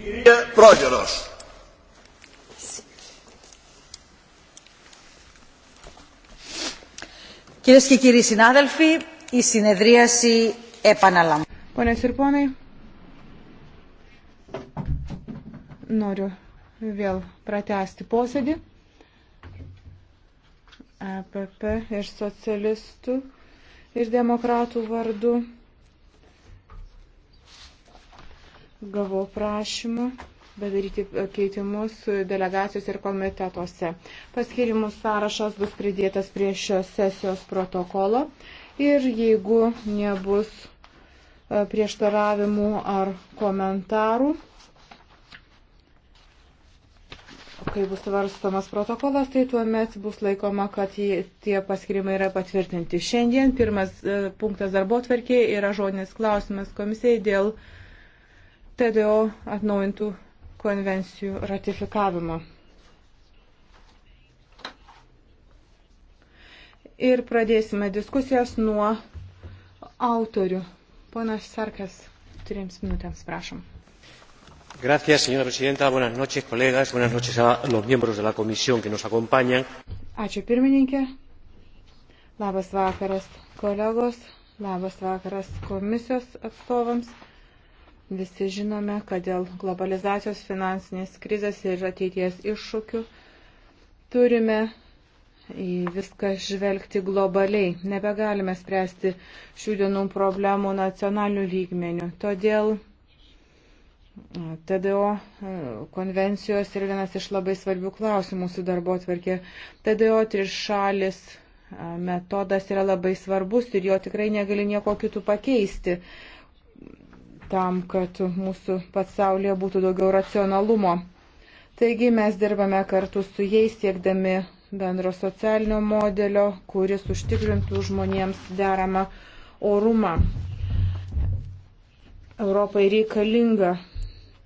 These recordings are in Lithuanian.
Κυρία Πρόεδρος. Κυρίες και κύριοι συνάδελφοι, η συνεδρίαση επαναλαμβάνει. Ponios ir ponai, noriu vėl pratesti posėdį. EPP ir socialistų ir demokratų vardu. Gavau prašymą padaryti keitimus delegacijos ir komitetuose. Paskirimų sąrašas bus pridėtas prie šios sesijos protokolo ir jeigu nebus e, prieštaravimų ar komentarų, kai bus svarstamas protokolas, tai tuomet bus laikoma, kad tie paskirimai yra patvirtinti. Šiandien pirmas e, punktas darbo tvarkė yra žodinis klausimas komisijai dėl PDO atnaujintų konvencijų ratifikavimo. Ir pradėsime diskusijas nuo autorių. Ponas Sarkas, turiems minutėms, prašom. Gracias, señora presidenta. Buenas noches, colegas. Buenas noches a los miembros de la comisión que nos acompañan. Ačiū pirmininkė. Labas vakaras, kolegos. Labas vakaras komisijos atstovams. Visi žinome, kad dėl globalizacijos finansinės krizės ir ateities iššūkių turime į viską žvelgti globaliai. Nebegalime spręsti šių dienų problemų nacionalių lygmenių. Todėl TDO konvencijos yra vienas iš labai svarbių klausimų mūsų darbo atvarkė. TDO trišalis metodas yra labai svarbus ir jo tikrai negali nieko kitų pakeisti tam, kad mūsų pasaulyje būtų daugiau racionalumo. Taigi mes dirbame kartu su jais siekdami bendro socialinio modelio, kuris užtikrintų žmonėms deramą orumą. Europai reikalinga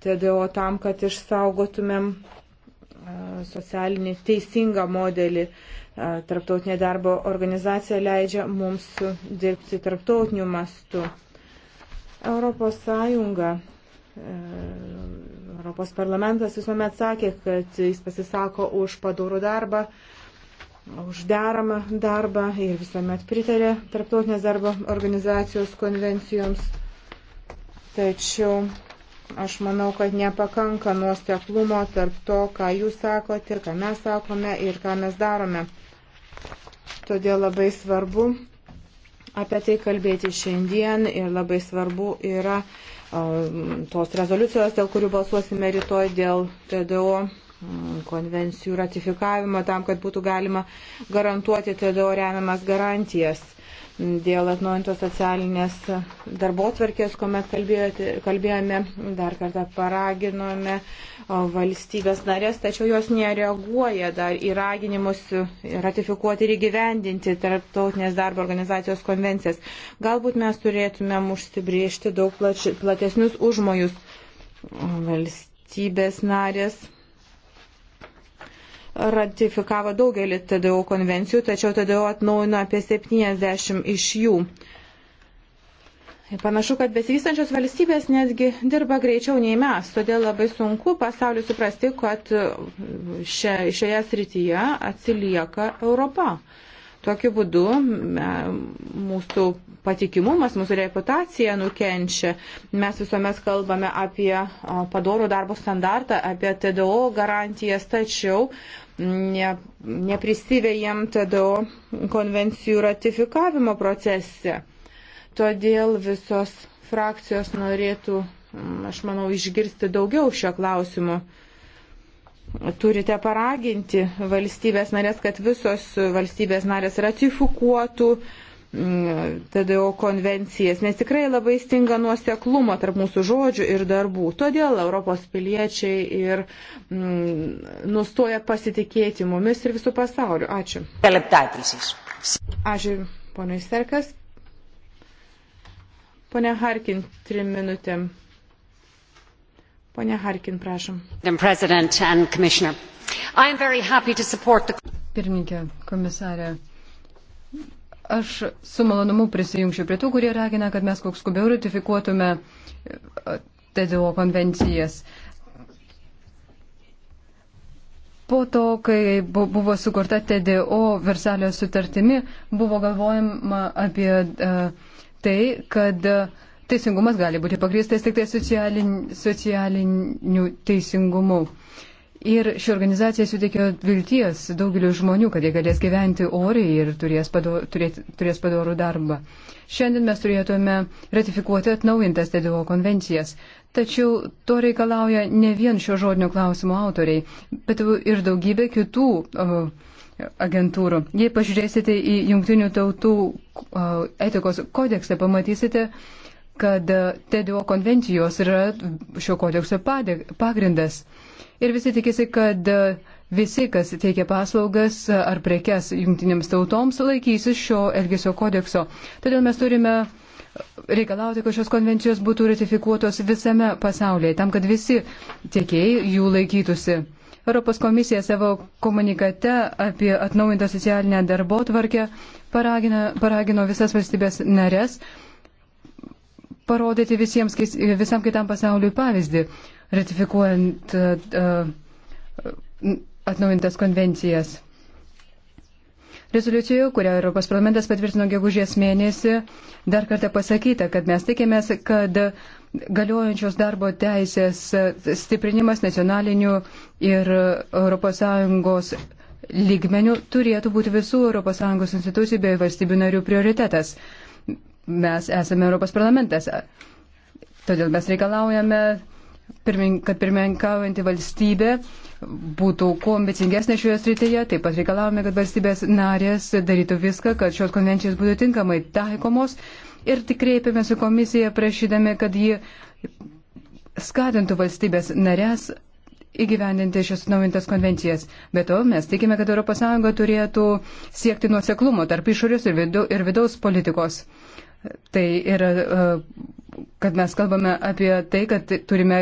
TDO tam, kad išsaugotumėm e, socialinį teisingą modelį. E, tarptautinė darbo organizacija leidžia mums dirbti tarptautiniu mastu. Europos Sąjunga, e, Europos parlamentas visuomet sakė, kad jis pasisako už padorų darbą, už deramą darbą ir visuomet pritarė Tarptautinės darbo organizacijos konvencijoms. Tačiau aš manau, kad nepakanka nuoseklumo tarp to, ką jūs sakote, ką mes sakome ir ką mes darome. Todėl labai svarbu apie tai kalbėti šiandien ir labai svarbu yra tos rezoliucijos, dėl kurių balsuosime rytoj dėl TDO konvencijų ratifikavimo tam, kad būtų galima garantuoti TDO remiamas garantijas dėl atnaujintos socialinės darbo tvarkės, kuomet kalbėjome, dar kartą paraginome valstybės narės, tačiau jos nereaguoja dar į raginimus ratifikuoti ir įgyvendinti tarptautinės darbo organizacijos konvencijas. Galbūt mes turėtumėm užsibriežti daug platesnius užmojus valstybės narės ratifikavo daugelį TDO konvencijų, tačiau TDO atnaujino apie 70 iš jų. Panašu, kad besivystančios valstybės netgi dirba greičiau nei mes, todėl labai sunku pasauliu suprasti, kad šia, šioje srityje atsilieka Europa. Tokiu būdu mūsų patikimumas, mūsų reputacija nukenčia. Mes visuomet kalbame apie padorų darbo standartą, apie TDO garantijas, tačiau ne, neprisivėjam TDO konvencijų ratifikavimo procese. Todėl visos frakcijos norėtų, aš manau, išgirsti daugiau šio klausimu turite paraginti valstybės narės, kad visos valstybės narės ratifikuotų mm, TDO konvencijas, nes tikrai labai stinga nuoseklumo tarp mūsų žodžių ir darbų. Todėl Europos piliečiai ir mm, nustoja pasitikėti mumis ir visų pasauliu. Ačiū. Ačiū, ponai Serkas. Pone Harkin, trim minutėm. Pone Harkin, prašom. The... Pirmininkė, komisarė. Aš su malonumu prisijungsiu prie tų, kurie ragina, kad mes koks skubiau ratifikuotume e, TDO konvencijas. Po to, kai buvo sukurta TDO Versalio sutartimi, buvo galvojama apie e, tai, kad teisingumas gali būti pagrįstas tik tai socialin, socialiniu teisingumu. Ir ši organizacija suteikia vilties daugeliu žmonių, kad jie galės gyventi oriai ir turės, pado, turėt, turės padorų darbą. Šiandien mes turėtume ratifikuoti atnaujintas TDO konvencijas. Tačiau to reikalauja ne vien šio žodinio klausimo autoriai, bet ir daugybė kitų agentūrų. Jei pažiūrėsite į Junktinių tautų etikos kodeksą, pamatysite, kad TDO konvencijos yra šio kodekso pagrindas. Ir visi tikisi, kad visi, kas teikia paslaugas ar prekes jungtinėms tautoms, laikysis šio elgesio kodekso. Todėl mes turime reikalauti, kad šios konvencijos būtų ratifikuotos visame pasaulyje, tam, kad visi tiekėjai jų laikytųsi. Europos komisija savo komunikate apie atnaujintą socialinę darbo tvarkę paragino visas valstybės narės parodyti visiems, visam kitam pasauliui pavyzdį, ratifikuojant uh, atnaujintas konvencijas. Rezoliucijoje, kurią Europos parlamentas patvirtino gegužės mėnesį, dar kartą pasakyta, kad mes tikėmės, kad galiojančios darbo teisės stiprinimas nacionalinių ir ES lygmenių turėtų būti visų ES institucijų bei valstybių narių prioritetas mes esame Europos parlamentas. Todėl mes reikalaujame, kad pirmininkaujanti valstybė būtų kuo ambicingesnė šioje srityje. Taip pat reikalavome, kad valstybės narės darytų viską, kad šios konvencijos būtų tinkamai taikomos. Ir tik kreipėmės į komisiją prašydami, kad ji skatintų valstybės narės įgyvendinti šias naujintas konvencijas. Be to, mes tikime, kad ES turėtų siekti nuoseklumo tarp išorės ir, vidu, ir vidaus politikos tai yra, e, kad mes kalbame apie tai, kad turime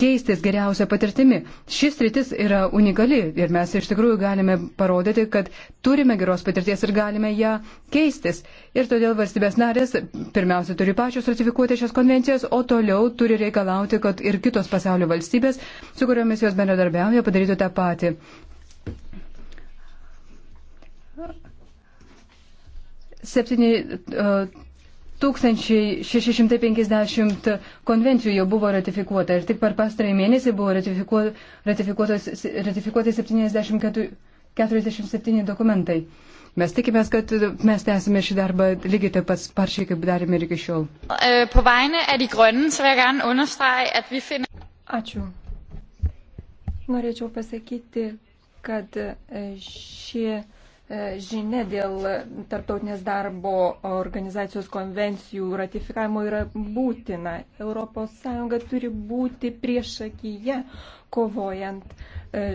keistis geriausią patirtimį. Šis rytis yra unikali ir mes iš tikrųjų galime parodyti, kad turime geros patirties ir galime ją keistis. Ir todėl valstybės narės pirmiausia turi pačios ratifikuoti šias konvencijas, o toliau turi reikalauti, kad ir kitos pasaulio valstybės, su kuriomis jos bendradarbiauja, padarytų tą patį. Septyni. Uh, 1650 konvencijų jau buvo ratifikuota ir tik per pastarąjį mėnesį buvo ratifikuoti 47 dokumentai. Mes tikimės, kad mes tęsime šį darbą lygiai taip pat sparčiai, kaip darėme ir iki šiol. Ačiū. Norėčiau pasakyti, kad e, šie. Ši E, žinia dėl Tartautinės darbo organizacijos konvencijų ratifikavimo yra būtina. ES turi būti priešakyje kovojant e,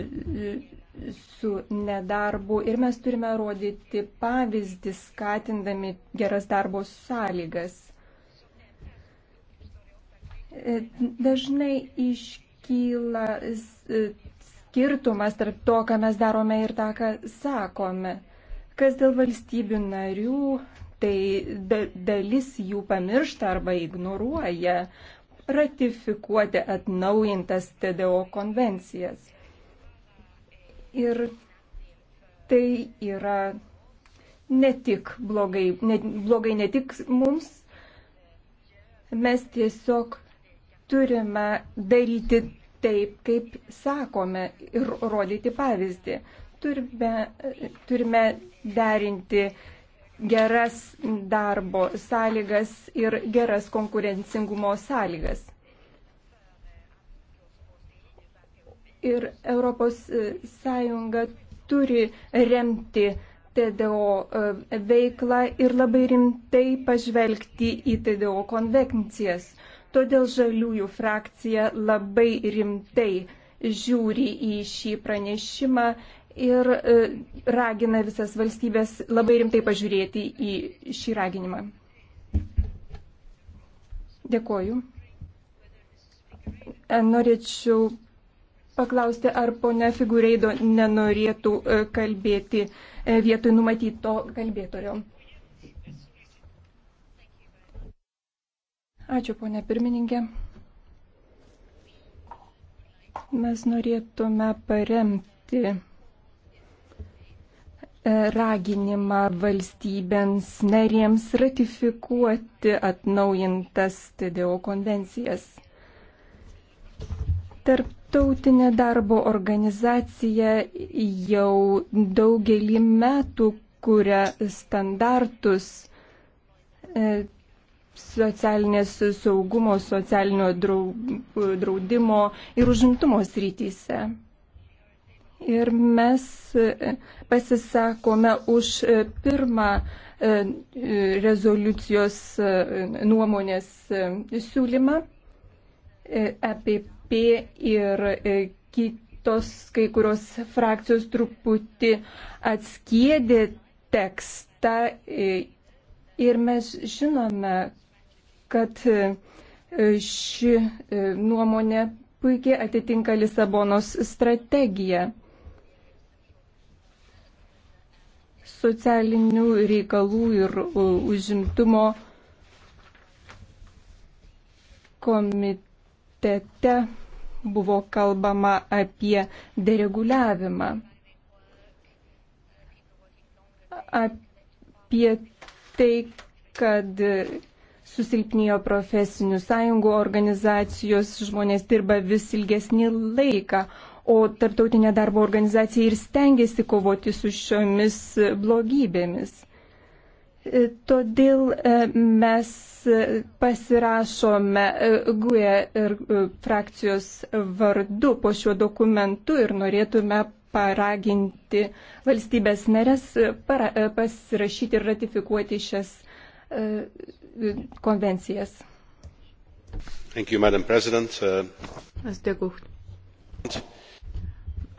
su nedarbu ir mes turime rodyti pavyzdį skatindami geras darbo sąlygas. E, dažnai iškyla skirtumas tarp to, ką mes darome ir tą, ką sakome. Kas dėl valstybių narių, tai dalis jų pamiršta arba ignoruoja ratifikuoti atnaujintas TDO konvencijas. Ir tai yra ne tik blogai, ne, blogai ne tik mums, mes tiesiog turime daryti taip, kaip sakome ir rodyti pavyzdį. Turime, turime derinti geras darbo sąlygas ir geras konkurencingumo sąlygas. Ir Europos e, Sąjunga turi remti TDO e, veiklą ir labai rimtai pažvelgti į TDO konvencijas. Todėl žaliųjų frakcija labai rimtai žiūri į šį pranešimą ir e, ragina visas valstybės labai rimtai pažiūrėti į šį raginimą. Dėkoju. E, norėčiau paklausti, ar ponia Figureido nenorėtų e, kalbėti vietoj numatyto kalbėtojo. Ačiū, ponė pirmininkė. Mes norėtume paremti e, raginimą valstybėms narėms ratifikuoti atnaujintas TDO konvencijas. Tarptautinė darbo organizacija jau daugelį metų kuria standartus e, socialinės saugumo, socialinio draudimo ir užimtumo srityse. Ir mes e, pasisakome už e, pirmą e, rezoliucijos nuomonės siūlymą EPP ir kitos kai kurios frakcijos truputį atskėdė tekstą ir mes žinome, kad e, ši e, nuomonė puikiai atitinka Lisabonos strategiją. Socialinių reikalų ir e, užimtumo komitete buvo kalbama apie dereguliavimą. Apie tai, kad susilpnėjo profesinių sąjungų organizacijos, žmonės dirba vis ilgesnį laiką, o Tartautinė darbo organizacija ir stengiasi kovoti su šiomis blogybėmis. E, todėl e, mes e, pasirašome GUE ir frakcijos vardu po šiuo dokumentu ir norėtume paraginti valstybės narės para, pasirašyti ir ratifikuoti šias konvencijas. Thank you, Madam President. Uh, Aš dėkau.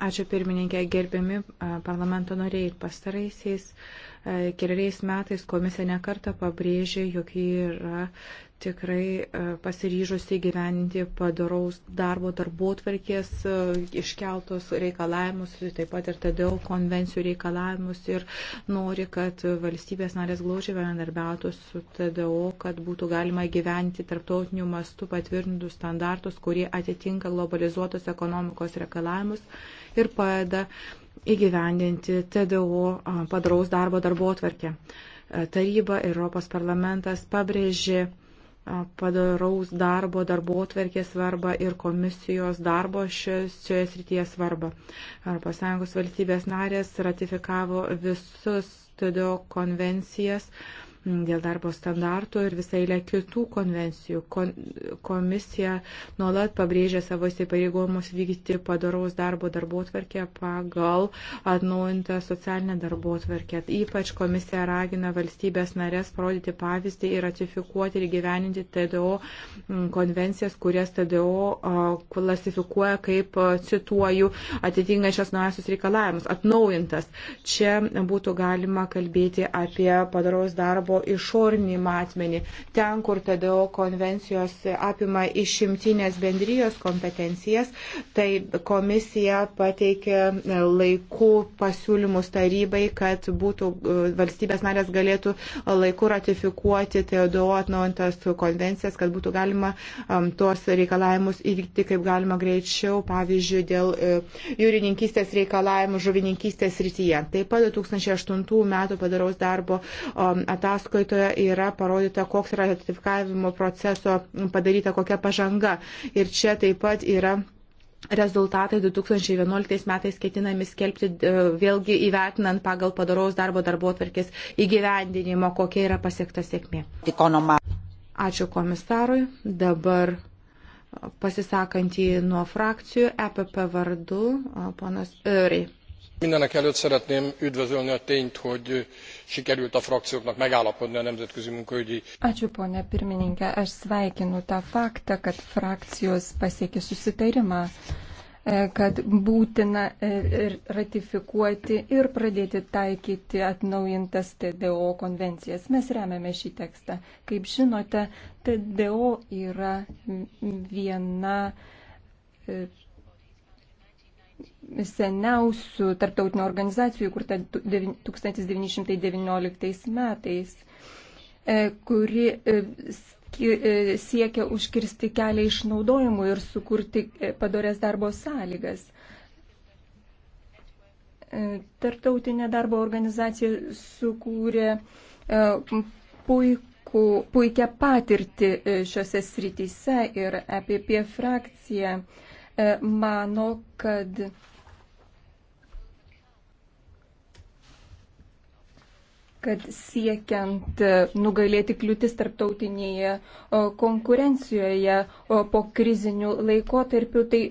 Ačiū pirmininkė, gerbiami parlamento nariai. Pastaraisiais keliais metais komisija nekarta pabrėžė, jog ji yra tikrai e, pasiryžusi gyventi padaraus darbo darbo tvarkės e, iškeltos reikalavimus, taip pat ir tada konvencijų reikalavimus ir nori, kad valstybės narės glaužiai bendarbiautų su TDO, kad būtų galima gyventi tarptautiniu mastu patvirtintus standartus, kurie atitinka globalizuotos ekonomikos reikalavimus ir padeda įgyvendinti TDO padaraus darbo darbo tvarkę e, taryba ir Europos parlamentas pabrėžė padaraus darbo, darbo atverkės svarbą ir komisijos darbo šioje srityje svarbą. ES valstybės narės ratifikavo visus TDO konvencijas, uh, dėl darbo standartų ir visai lė kitų konvencijų. Kon, komisija nuolat pabrėžia savo įsipareigojimus vykdyti padaraus darbo darbo tvarkę pagal atnaujintą socialinę darbo tvarkę. Ypač komisija ragina valstybės narės parodyti pavyzdį ir ratifikuoti ir gyveninti TDO mm, konvencijas, kurias TDO klasifikuoja kaip, cituoju, atitinkančias naujasius reikalavimus. Atnaujintas. Čia būtų galima kalbėti apie padaraus darbo savo išornį matmenį, ten, kur TDO konvencijos apima išimtinės bendrijos kompetencijas, tai komisija pateikė laikų pasiūlymus tarybai, kad būtų valstybės narės galėtų laiku ratifikuoti TDO atnaujintas konvencijas, kad būtų galima um, tuos reikalavimus įvykti kaip galima greičiau, pavyzdžiui, dėl uh, jūrininkystės reikalavimų žuvininkystės rytyje. Taip pat 2008 metų padaraus darbo um, ataskaitos ataskaitoje yra parodyta, koks yra ratifikavimo proceso padaryta, kokia pažanga. Ir čia taip pat yra rezultatai 2011 metais ketinami skelbti e, vėlgi įvertinant pagal padaraus darbo darbo atvarkės įgyvendinimo, kokia yra pasiekta sėkmė. Ačiū komisarui. Dabar pasisakantį nuo frakcijų EPP vardu, ponas Eurei mindenekelőtt szeretném üdvözölni a tényt hogy sikerült a frakcióknak megállapodni a nemzetközi munkaügyi. ačiū pone pirmininke aš sveikinu tą faktą kad frakcijos pasiekė susitarimą e, kad būtina e, ratifikuoti ir pradėti taikyti atnaujintas TDO konvencijas. Mes remiame šį tekstą. Kaip žinote, TDO yra viena e, seniausių tarptautinių organizacijų, kurta 1919 metais, e, kuri e, e, siekia užkirsti kelią išnaudojimu ir sukurti padorės darbo sąlygas. Tartautinė darbo organizacija sukūrė puikų, puikią patirtį šiuose srityse ir EPP frakcija E, mano, kad kad siekiant e, nugalėti kliūtis tarptautinėje konkurencijoje po krizinių laikotarpių, tai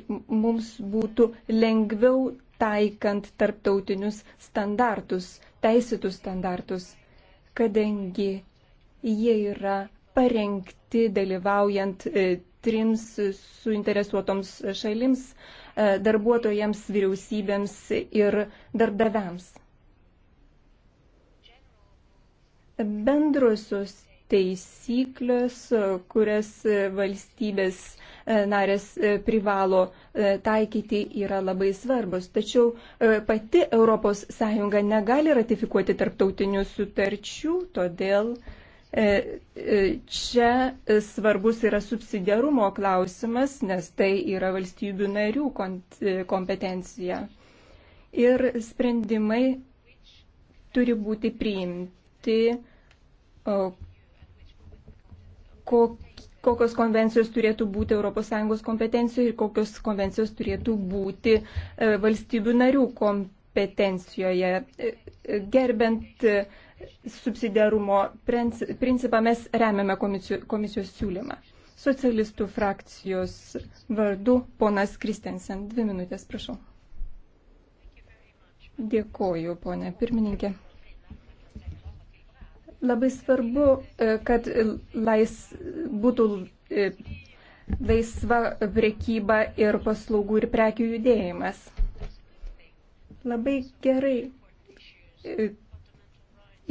mums būtų lengviau taikant tarptautinius standartus, teisėtus standartus, kadangi jie yra parengti dalyvaujant e, trims suinteresuotoms šalims e, - darbuotojams, vyriausybėms ir darbdaviams. Bendrosios taisyklės, kurias valstybės e, narės e, privalo taikyti, yra labai svarbus. Tačiau pati ES negali ratifikuoti tarptautinių sutarčių, todėl uh, E, e, čia svarbus yra subsidiarumo klausimas, nes tai yra valstybių narių e, kompetencija. Ir sprendimai turi būti priimti, kokios konvencijos turėtų būti ES kompetencijoje ir kokios konvencijos turėtų būti valstybių narių kompetencijoje kompetencijoje. Gerbent subsidiarumo principą mes remiame komisijos siūlymą. Socialistų frakcijos vardu ponas Kristensen. Dvi minutės, prašau. Dėkoju, ponė pirmininkė. Labai svarbu, e, kad lais, būtų e, laisva prekyba ir paslaugų ir prekių judėjimas. Labai gerai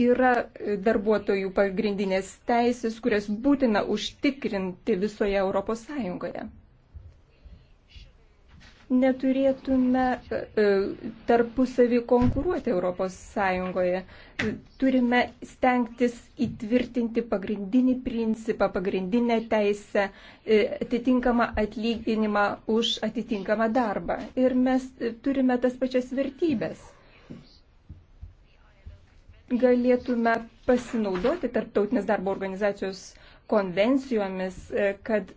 yra darbuotojų pagrindinės teisės, kurias būtina užtikrinti visoje Europos Sąjungoje neturėtume e, tarpusavį konkuruoti ES. Turime stengtis įtvirtinti pagrindinį principą, pagrindinę teisę, e, atitinkamą atlyginimą už atitinkamą darbą. Ir mes e, turime tas pačias vertybės galėtume pasinaudoti tarptautinės darbo organizacijos konvencijomis, kad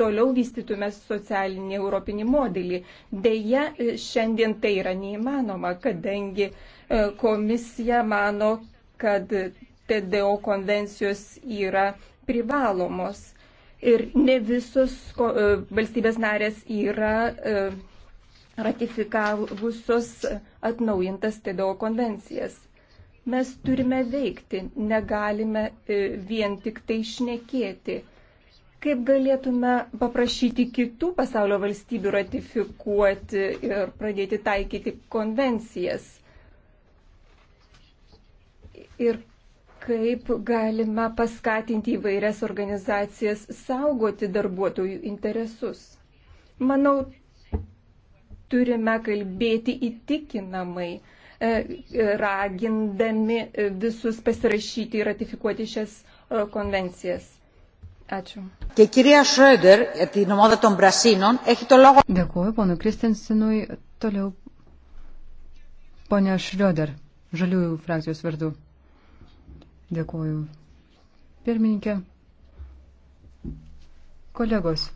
toliau vystytume socialinį europinį modelį. Deja, šiandien tai yra neįmanoma, kadangi e, komisija mano, kad TDO konvencijos yra privalomos ir ne visos e, valstybės narės yra e, ratifikavusios atnaujintas TDO konvencijas. Mes turime veikti, negalime vien tik tai šnekėti Kaip galėtume paprašyti kitų pasaulio valstybių ratifikuoti ir pradėti taikyti konvencijas? Ir kaip galime paskatinti įvairias organizacijas saugoti darbuotojų interesus? Manau, turime kalbėti įtikinamai, e, ragindami visus pasirašyti ir ratifikuoti šias e, konvencijas. Ačiū. Dėkuoju ponu Kristinsinui. Toliau ponia Šrioder, žaliųjų frakcijos vardu. Dėkuoju. Pirmininkė. Kolegos,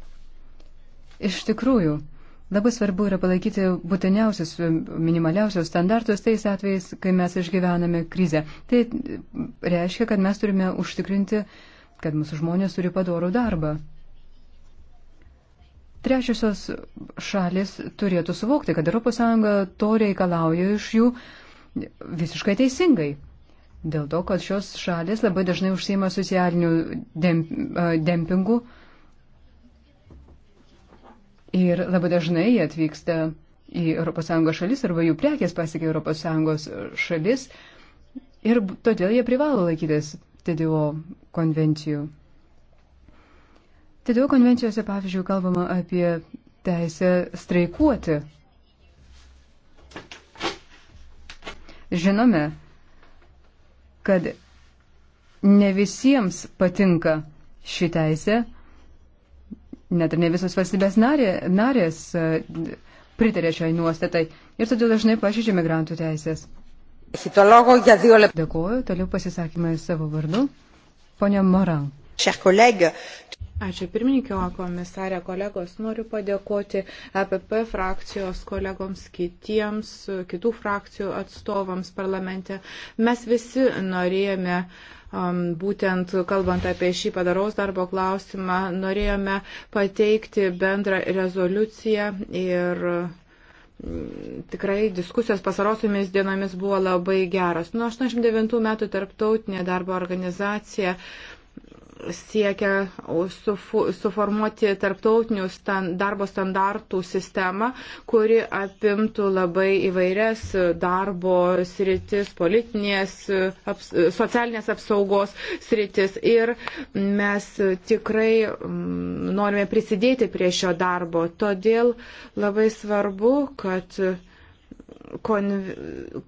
iš tikrųjų, labai svarbu yra palaikyti būtiniausius, minimaliausius standartus tais atvejais, kai mes išgyvename krizę. Tai reiškia, kad mes turime užtikrinti uh, kad mūsų žmonės turi padorų darbą. Trečiosios šalis turėtų suvokti, kad ES to reikalauja iš jų visiškai teisingai. Dėl to, kad šios šalis labai dažnai užsima socialiniu demp, dempingu ir labai dažnai jie atvyksta į ES šalis arba jų prekės pasiekia ES šalis ir todėl jie privalo laikytis TDO konvencijų. Todėl konvencijose, pavyzdžiui, kalbama apie teisę streikuoti. Žinome, kad ne visiems patinka ši teisė, net ir ne visos valstybės narė, narės e, pritarė šiai nuostatai ir todėl dažnai pažydžia migrantų teisės. Dėkuoju, toliau pasisakymai savo vardu. Pone Moran. Ačiū pirmininkio komisarė kolegos. Noriu padėkoti APP frakcijos kolegoms, kitiems, kitų frakcijų atstovams parlamente. Mes visi norėjome um, būtent kalbant apie šį padaraus darbo klausimą, norėjome pateikti bendrą rezoliuciją ir tikrai diskusijos pasarosiomis dienomis buvo labai geros. Nuo 89 metų tarptautinė darbo organizacija siekia suformuoti tarptautinių stand, darbo standartų sistemą, kuri apimtų labai įvairias darbo sritis, politinės, aps, socialinės apsaugos sritis. Ir mes tikrai norime prisidėti prie šio darbo. Todėl labai svarbu, kad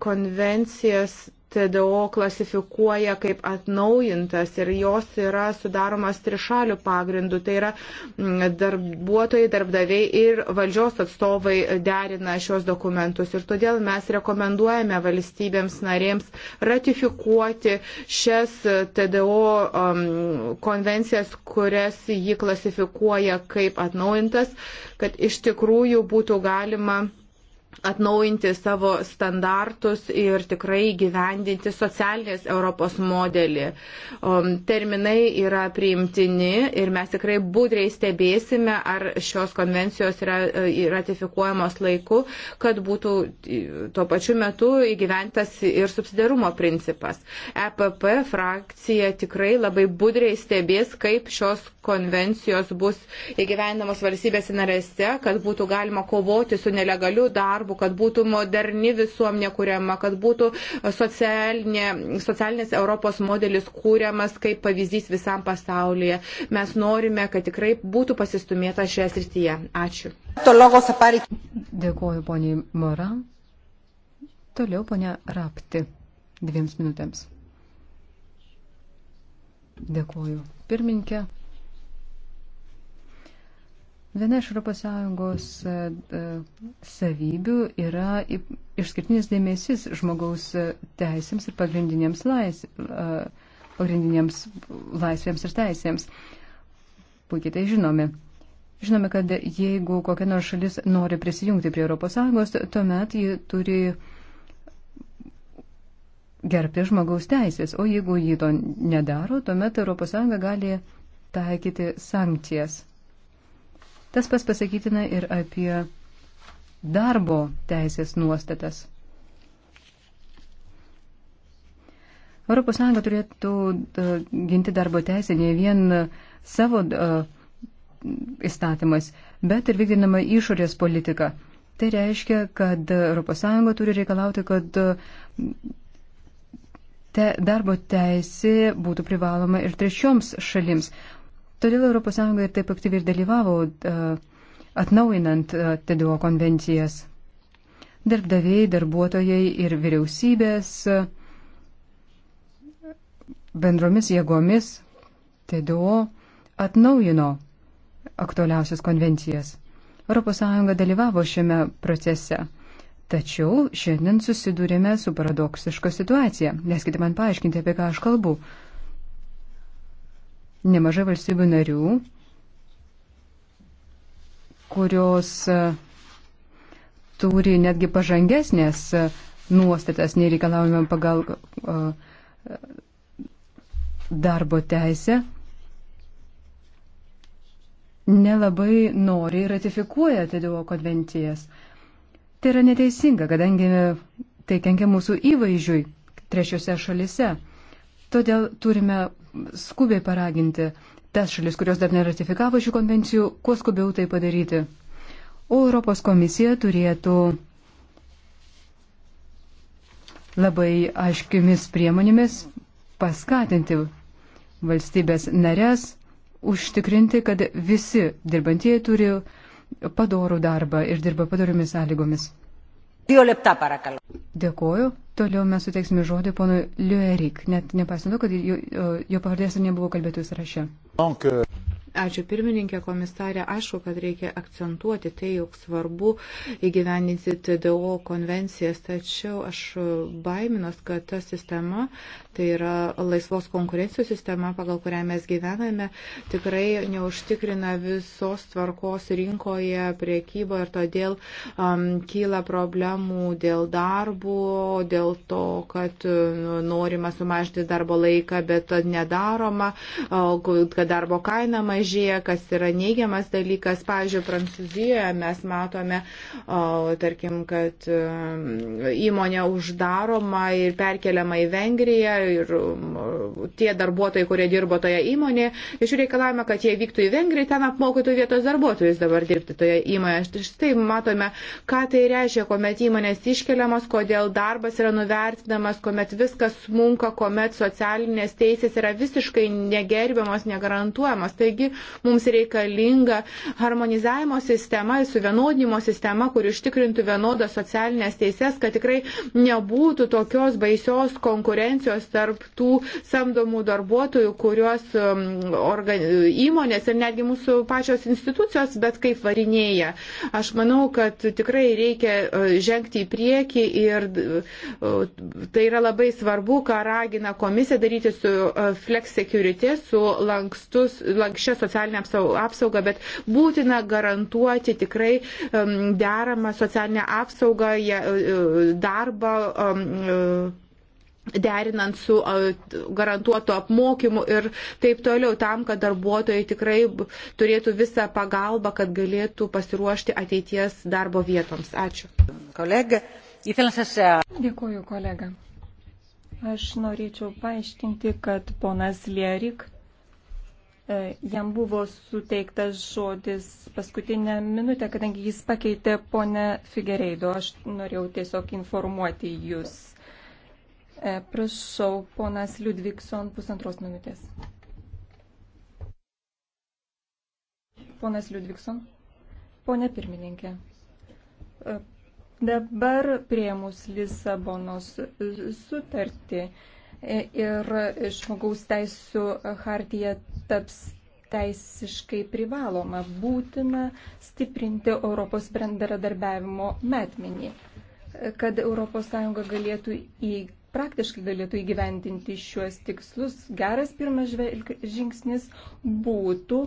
konvencijas TDO klasifikuoja kaip atnaujintas ir jos yra sudaromas trišalių pagrindų. Tai yra mm, darbuotojai, darbdaviai ir valdžios atstovai derina šios dokumentus. Ir todėl mes rekomenduojame valstybėms narėms ratifikuoti šias TDO um, mm, konvencijas, kurias jį klasifikuoja kaip atnaujintas, kad iš tikrųjų būtų galima atnaujinti savo standartus ir tikrai gyvendinti socialinės Europos modelį. Um, terminai yra priimtini ir mes tikrai būdriai stebėsime, ar šios konvencijos yra e, ratifikuojamos laiku, kad būtų e, tuo pačiu metu įgyventas ir subsidarumo principas. EPP frakcija tikrai labai būdriai stebės, kaip šios konvencijos bus įgyvendamos valstybės narėse, kad būtų galima kovoti su nelegaliu darbu svarbu, kad būtų moderni visuomenė kuriama, kad būtų socialinė, socialinės Europos modelis kūriamas kaip pavyzdys visam pasaulyje. Mes norime, kad tikrai būtų pasistumėta šioje srityje. Ačiū. Dėkuoju poniai Mora. Toliau ponia Rapti. Dviems minutėms. Dėkuoju. Pirminkė. Viena iš ES e, e, savybių yra išskirtinis dėmesys žmogaus e, teisėms ir pagrindinėms, lais, pagrindinėms laisvėms ir teisėms. Puikiai tai žinome. Žinome, kad jeigu kokia nors šalis nori prisijungti prie ES, tuomet ji turi gerbti žmogaus teisės, o jeigu ji to nedaro, tuomet ES gali taikyti sankcijas. Tas pas pasakytina ir apie darbo teisės nuostatas. ES turėtų e, ginti darbo teisę ne vien e, savo e, įstatymais, bet ir vykdinama išorės politika. Tai reiškia, kad ES turi reikalauti, kad te, darbo teisė būtų privaloma ir trečioms šalims. Todėl ES ir taip aktyviai ir dalyvavo e, atnaujinant e, TDO konvencijas. Darbdaviai, darbuotojai ir vyriausybės e, bendromis jėgomis TDO atnaujino aktualiausias konvencijas. ES dalyvavo šiame procese. Tačiau šiandien susidūrėme su paradoksiška situacija. Neskite man paaiškinti, apie ką aš kalbu nemažai valstybių narių, kurios e, turi netgi pažangesnės e, nuostatas nei reikalaujame pagal e, darbo teisę, nelabai nori ratifikuoja TDO konvencijas. Tai yra neteisinga, kadangi tai kenkia mūsų įvaizdžiui trečiose šalise. Todėl turime skubiai paraginti tas šalis, kurios dar neratifikavo šių konvencijų, kuo skubiau tai padaryti. O Europos komisija turėtų labai aiškiamis priemonėmis paskatinti valstybės narės, užtikrinti, kad visi dirbantieji turi padorų darbą ir dirba padoriomis sąlygomis. Dėkoju. Toliau mes suteiksime žodį ponui Liuerik, net nepaisant to, kad jo, jo pavardės nebuvo kalbėtojų sąraše. Donc, euh... Ačiū pirmininkė komisarė. Aišku, kad reikia akcentuoti tai, jog svarbu įgyveninti TDO konvencijas, tačiau aš baiminos, kad ta sistema, tai yra laisvos konkurencijos sistema, pagal kurią mes gyvename, tikrai neužtikrina visos tvarkos rinkoje priekybo ir todėl um, kyla problemų dėl darbo, dėl to, kad nu, norima sumažinti darbo laiką, bet nedaroma, kad darbo kaina mažėja mažėja, kas yra neigiamas dalykas. Pavyzdžiui, Prancūzijoje mes matome, o, tarkim, kad e, įmonė uždaroma ir perkeliama į Vengriją ir e, tie darbuotojai, kurie dirbo toje įmonėje, iš jų reikalavime, kad jie vyktų į Vengriją, ten apmokytų vietos darbuotojus dabar dirbti toje įmonėje. Štai matome, ką tai reiškia, kuomet įmonės iškeliamas, kodėl darbas yra nuvertinamas, kuomet viskas smunka, kuomet socialinės teisės yra visiškai negerbiamos, negarantuojamos. Taigi Mums reikalinga harmonizavimo sistema, suvienodinimo sistema, kuri užtikrintų vienodas socialinės teises, kad tikrai nebūtų tokios baisios konkurencijos tarp tų samdomų darbuotojų, kuriuos um, organ... įmonės ir netgi mūsų pačios institucijos, bet kaip varinėja. Aš manau, kad tikrai reikia uh, žengti į priekį ir uh, tai yra labai svarbu, ką ragina komisija daryti su uh, flex security, su lankstus, lankščia socialinė socialinę apsaugą, bet būtina garantuoti tikrai deramą socialinę apsaugą, e, e, darbą e, derinant su garantuotu apmokymu ir taip toliau, tam, kad darbuotojai tikrai turėtų visą pagalbą, kad galėtų pasiruošti ateities darbo vietoms. Ačiū. Kolega, Dėkuoju, kolega. Aš norėčiau paaiškinti, kad ponas Lierik E, jam buvo suteiktas žodis paskutinę minutę, kadangi jis pakeitė ponę Figereido. Aš norėjau tiesiog informuoti jūs. E, prašau, ponas Liudvikson, pusantros minutės. Ponas Liudvikson. Pone pirmininkė. E, dabar prieimus Lisabonos sutartį ir žmogaus teisų hartija taps teisiškai privaloma. Būtina stiprinti Europos bendradarbiavimo metmenį, kad ES galėtų į, praktiškai galėtų įgyvendinti šiuos tikslus. Geras pirmas žingsnis būtų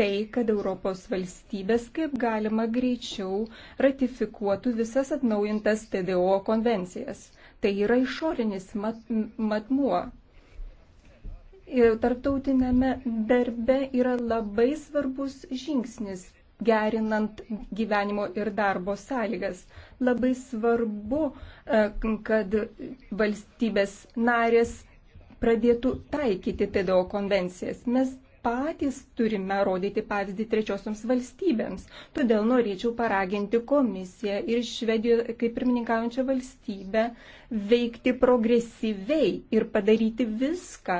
tai, kad Europos valstybės kaip galima greičiau ratifikuotų visas atnaujintas TDO konvencijas Tai yra išorinis mat, matmuo. Ir tarptautinėme darbe yra labai svarbus žingsnis gerinant gyvenimo ir darbo sąlygas. Labai svarbu, e, kad valstybės narės pradėtų taikyti TDO konvencijas. Mes patys turime rodyti pavyzdį trečiosioms valstybėms. Todėl norėčiau paraginti komisiją ir Švediją kaip pirmininkaujančią valstybę veikti progresyviai ir padaryti viską,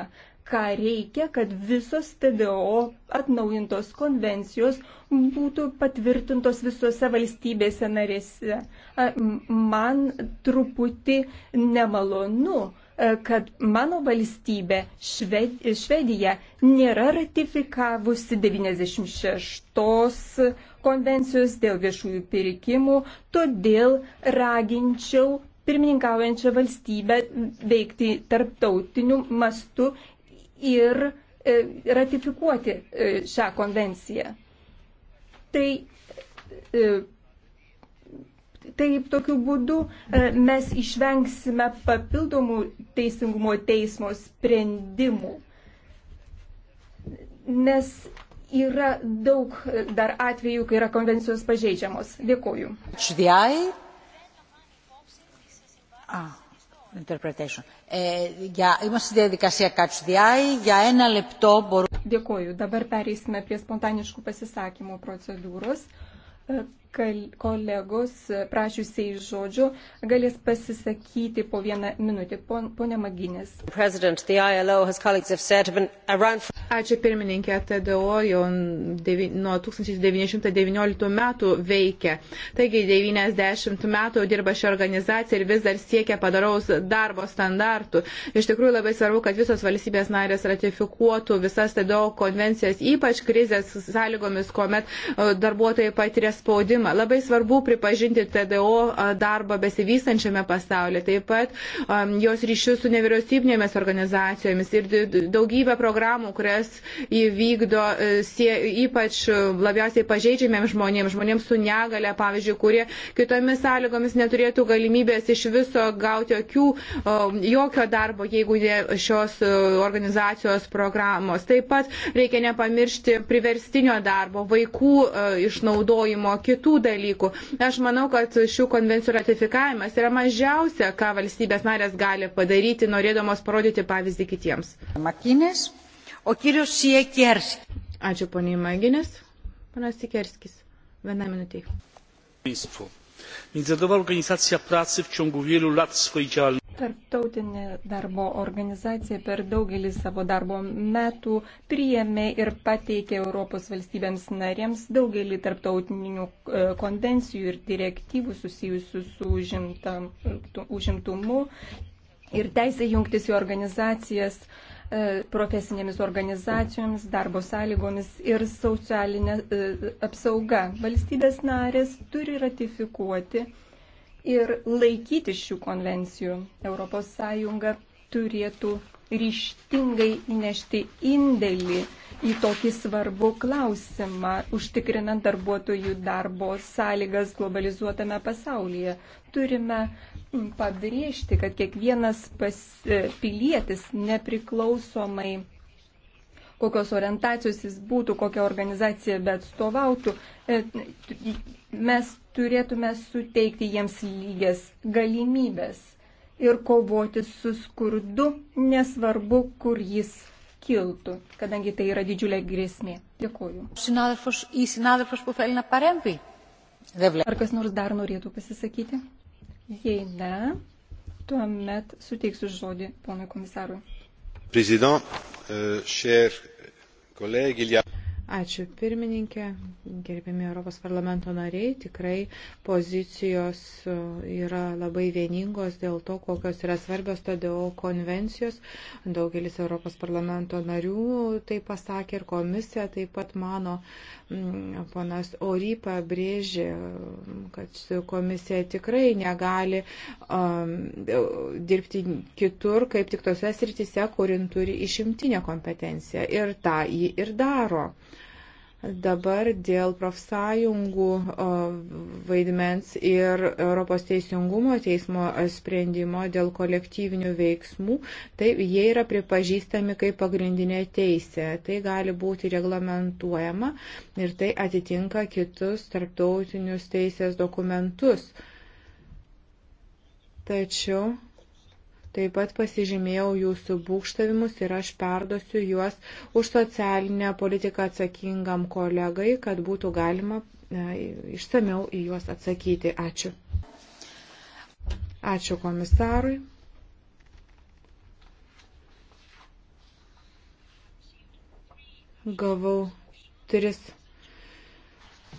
ką reikia, kad visos TDO atnaujintos konvencijos būtų patvirtintos visose valstybėse narėse. Man truputį nemalonu kad mano valstybė Švedija nėra ratifikavusi 96 konvencijos dėl viešųjų pirkimų, todėl raginčiau pirmininkaujančią valstybę veikti tarptautiniu mastu ir e, ratifikuoti e, šią konvenciją. Tai e, Taip, tokiu būdu e, mes išvengsime papildomų teisingumo teismo sprendimų, nes yra daug e, dar atvejų, kai yra konvencijos pažeidžiamos. Dėkuoju. Švijai. Ah. Interpretation. Ε, e, για, είμαστε στη διαδικασία Catch the Eye. Για ένα λεπτό μπορούμε. Dėkuoju. Dabar pereisime prie spontaniškų pasisakymų procedūros kolegos prašiusiai žodžio galės pasisakyti po vieną minutę. Pone Maginės. Ačiū pirmininkė, TDO jau devi, nuo 1919 metų veikia. Taigi 90 metų dirba ši organizacija ir vis dar siekia padaraus darbo standartų. Iš tikrųjų labai svarbu, kad visos valstybės narės ratifikuotų visas TDO konvencijas, ypač krizės sąlygomis, kuomet darbuotojai patiria spaudimą. Labai svarbu pripažinti TDO darbą besivystančiame pasaulyje, taip pat um, jos ryšius su nevyriausybinėmis organizacijomis ir daugybę programų, kurias kurias įvykdo e, sie, ypač labiausiai pažeidžiamiems žmonėms, žmonėms su negale, pavyzdžiui, kurie kitomis sąlygomis neturėtų galimybės iš viso gauti jokių, jokio darbo, jeigu ne šios e, organizacijos programos. Taip pat reikia nepamiršti priverstinio darbo, vaikų e, išnaudojimo, kitų dalykų. Aš manau, kad šių konvencijų ratifikavimas yra mažiausia, ką valstybės narės gali padaryti, norėdamos parodyti pavyzdį kitiems. Makinės. O kirius Siekerskis. Ačiū poniai Maginis. Panas Siekerskis. Viena minutė. Międzynarodowa Organizacja Pracy w ciągu wielu lat swojej działalności. Tarptautinė darbo organizacija per daugelį savo darbo metų priėmė ir pateikė Europos valstybėms narėms daugelį tarptautinių e, konvencijų ir direktyvų susijusių su užimtam, e, užimtumu ir teisė jungtis į organizacijas uh, E, profesinėmis organizacijomis, darbo sąlygomis ir socialinė e, apsauga. Valstybės narės turi ratifikuoti ir laikyti šių konvencijų. ES turėtų ryštingai įnešti indėlį į tokį svarbų klausimą, užtikrinant darbuotojų darbo sąlygas globalizuotame pasaulyje. Turime mm, pabrėžti, kad kiekvienas pas, e, pilietis nepriklausomai kokios orientacijos jis būtų, kokią organizaciją bet stovautų, e, mes turėtume suteikti jiems lygias galimybės ir kovoti su skurdu, nesvarbu, kur jis kiltų, kadangi tai yra didžiulė grėsmė. Dėkuoju. Ar kas nors dar norėtų pasisakyti? Jei ne, tuomet suteiksiu žodį ponui komisarui. Prezident, uh, cher collègues, il y a Ačiū pirmininkė, gerbėmi Europos parlamento nariai, tikrai pozicijos e, yra labai vieningos dėl to, kokios yra svarbios TDO konvencijos. Daugelis Europos parlamento narių tai pasakė ir komisija taip pat mano, ponas Ory pabrėžė kad komisija tikrai negali um, dirbti kitur, kaip tik tose srityse, kur jin turi išimtinę kompetenciją. Ir tą jį ir daro. Uh, Dabar dėl profsąjungų vaidmens ir Europos teisingumo teismo sprendimo dėl kolektyvinių veiksmų, tai jie yra pripažįstami kaip pagrindinė teisė. Tai gali būti reglamentuojama ir tai atitinka kitus tarptautinius teisės dokumentus. Tačiau Taip pat pasižymėjau jūsų būkštavimus ir aš perdosiu juos už socialinę politiką atsakingam kolegai, kad būtų galima e, išsameu į juos atsakyti. Ačiū. Ačiū komisarui. Gavau tris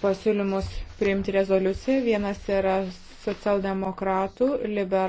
pasiūlymus priimti rezoliuciją. Vienas yra socialdemokratų, liberalų.